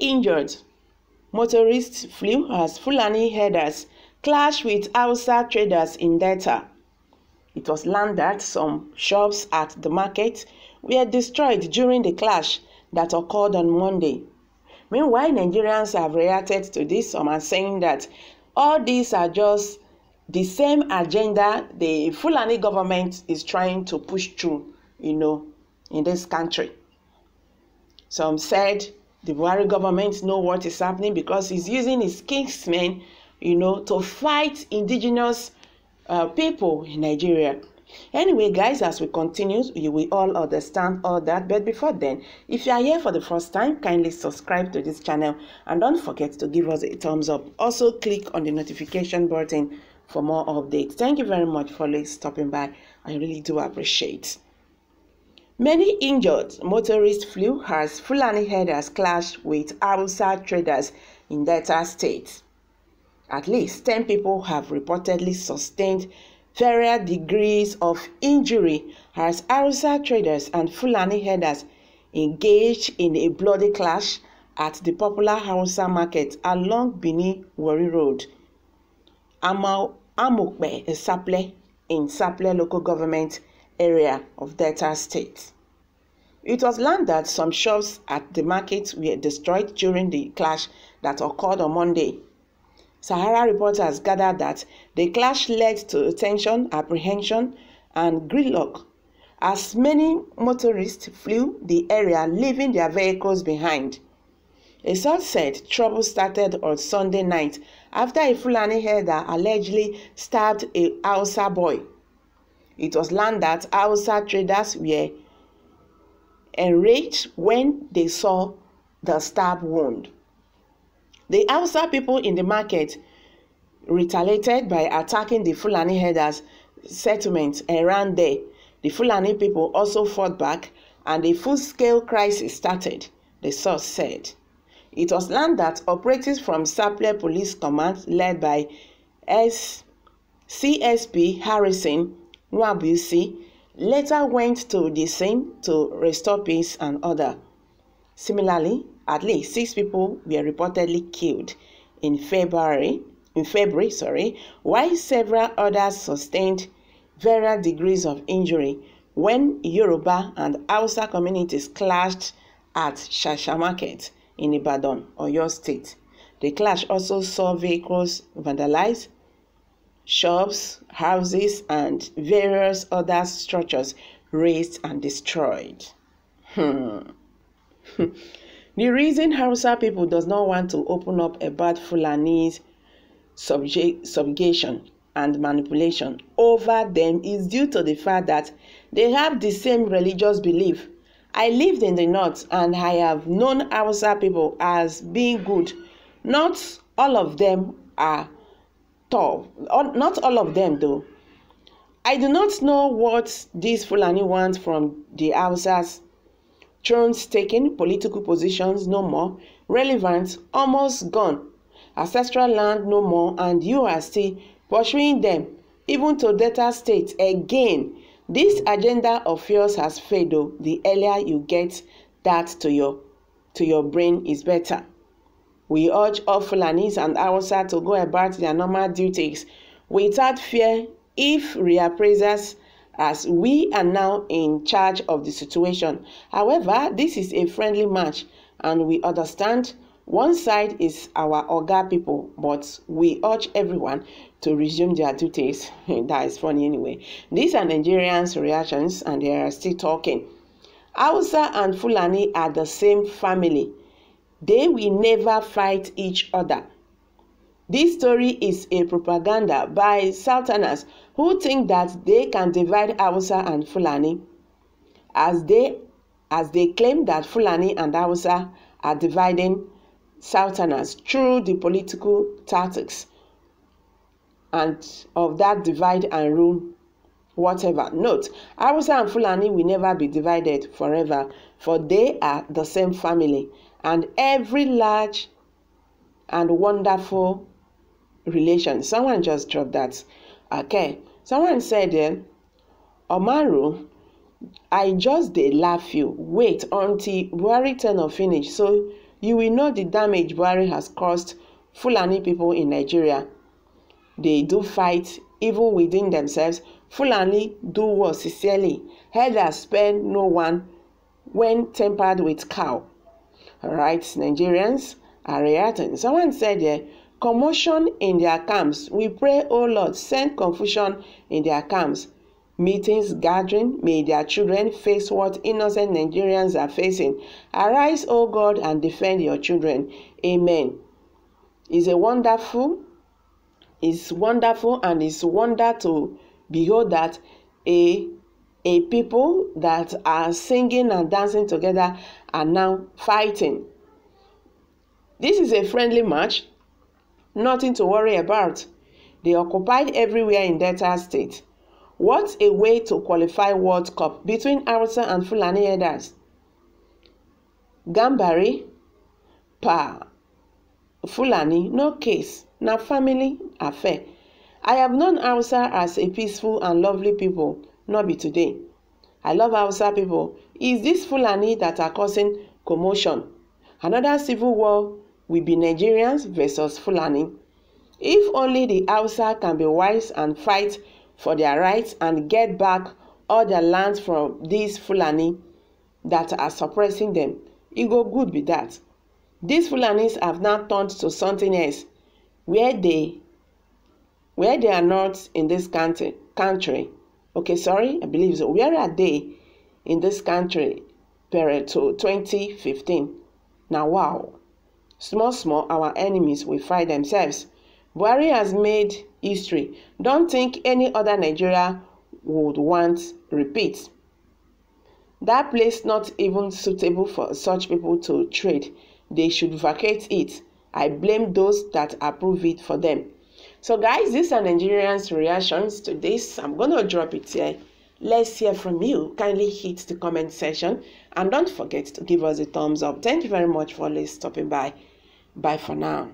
injured. Motorists flew as Fulani herders clash with Hausa traders in Delta. It was learned that some shops at the market were destroyed during the clash that occurred on Monday. Meanwhile, Nigerians have reacted to this, some are saying that all these are just the same agenda the Fulani government is trying to push through, you know, in this country. Some said the Buhari government know what is happening because he's using his kingsmen, you know, to fight indigenous uh, people in Nigeria. Anyway, guys, as we continue, you will all understand all that. But before then, if you are here for the first time, kindly subscribe to this channel and don't forget to give us a thumbs up. Also, click on the notification button for more updates. Thank you very much for stopping by. I really do appreciate. Many injured motorists flew as Fulani herders clashed with Hausa traders in Delta State. At least 10 people have reportedly sustained various degrees of injury as Hausa traders and Fulani herders engaged in a bloody clash at the popular Hausa market along Benin Wari Road, Amokpe, in Saple, in Saple local government area of Delta State. It was learned that some shops at the market were destroyed during the clash that occurred on Monday. Sahara reporters gathered that the clash led to tension, apprehension, and gridlock as many motorists flew the area, leaving their vehicles behind. A source said trouble started on Sunday night after a Fulani herder allegedly stabbed a Hausa boy. It was land that Hausa traders were enraged when they saw the stab wound. The Hausa people in the market retaliated by attacking the Fulani herders' settlement around there. The Fulani people also fought back and a full-scale crisis started, the source said. It was land that operatives from Saple Police Command led by S CSP Harrison Ouabonzi later went to the scene to restore peace and order. Similarly, at least six people were reportedly killed in February, in February sorry, while several others sustained various degrees of injury when Yoruba and Hausa communities clashed at Shasha Market in Ibadan, Oyo State. The clash also saw vehicles vandalized shops, houses, and various other structures razed and destroyed. Hmm. the reason Hausa people does not want to open up about Fulani's subjugation and manipulation over them is due to the fact that they have the same religious belief. I lived in the north and I have known Hausa people as being good. Not all of them are tall. Not all of them, though. I do not know what these Fulani want from the Hausas. Thrones taken, political positions no more, relevant almost gone, ancestral land no more, and you are still pursuing them, even to data states again. This agenda of yours has failed, though. The earlier you get that to your to your brain is better. We urge all Fulanis and Hausa to go about their normal duties without fear if reappraisers, as we are now in charge of the situation. However, this is a friendly match and we understand one side is our Oga people, but we urge everyone to resume their duties. that is funny anyway. These are Nigerians' reactions and they are still talking. Hausa and Fulani are the same family. They will never fight each other. This story is a propaganda by Sultanas who think that they can divide Hausa and Fulani, as they as they claim that Fulani and Hausa are dividing Sultanas through the political tactics and of that divide and rule whatever. Note, Hausa and Fulani will never be divided forever, for they are the same family and every large and wonderful relation. Someone just dropped that. Okay. Someone said, eh, Omaru, I just dey laugh you. Wait until Buhari turn of finish so you will know the damage Buhari has caused Fulani people in Nigeria. They do fight even within themselves. Fulani do war sincerely. Herders spare no one when tempered with cow writes Nigerians are reacting. Someone said there, commotion in their camps. We pray, O Lord, send confusion in their camps. Meetings, gathering, may their children face what innocent Nigerians are facing. Arise, O God, and defend your children. Amen. It's a wonderful, it's wonderful, and it's wonder to behold that a a people that are singing and dancing together are now fighting. This is a friendly match, nothing to worry about. They occupied everywhere in Delta State. What a way to qualify World Cup between Hausa and Fulani Elders. Gambari, Pa, Fulani, no case, no family affair. I have known Hausa as a peaceful and lovely people not be today. I love Hausa people. Is this Fulani that are causing commotion. Another civil war will be Nigerians versus Fulani. If only the Hausa can be wise and fight for their rights and get back all their lands from these Fulani that are suppressing them, it e go good be that. These Fulanis have now turned to something else where they where they are not in this country. country. okay, sorry, I believe so. Where are they in this country Period. to 2015? Now, wow. Small, small, our enemies will fry themselves. Buhari has made history. Don't think any other Nigeria would want repeat. That place not even suitable for such people to trade. They should vacate it. I blame those that approve it for them. So, guys, these are Nigerians' reactions to this. I'm going to drop it here. Let's hear from you. Kindly hit the comment section and don't forget to give us a thumbs up. Thank you very much for stopping by. Bye for now.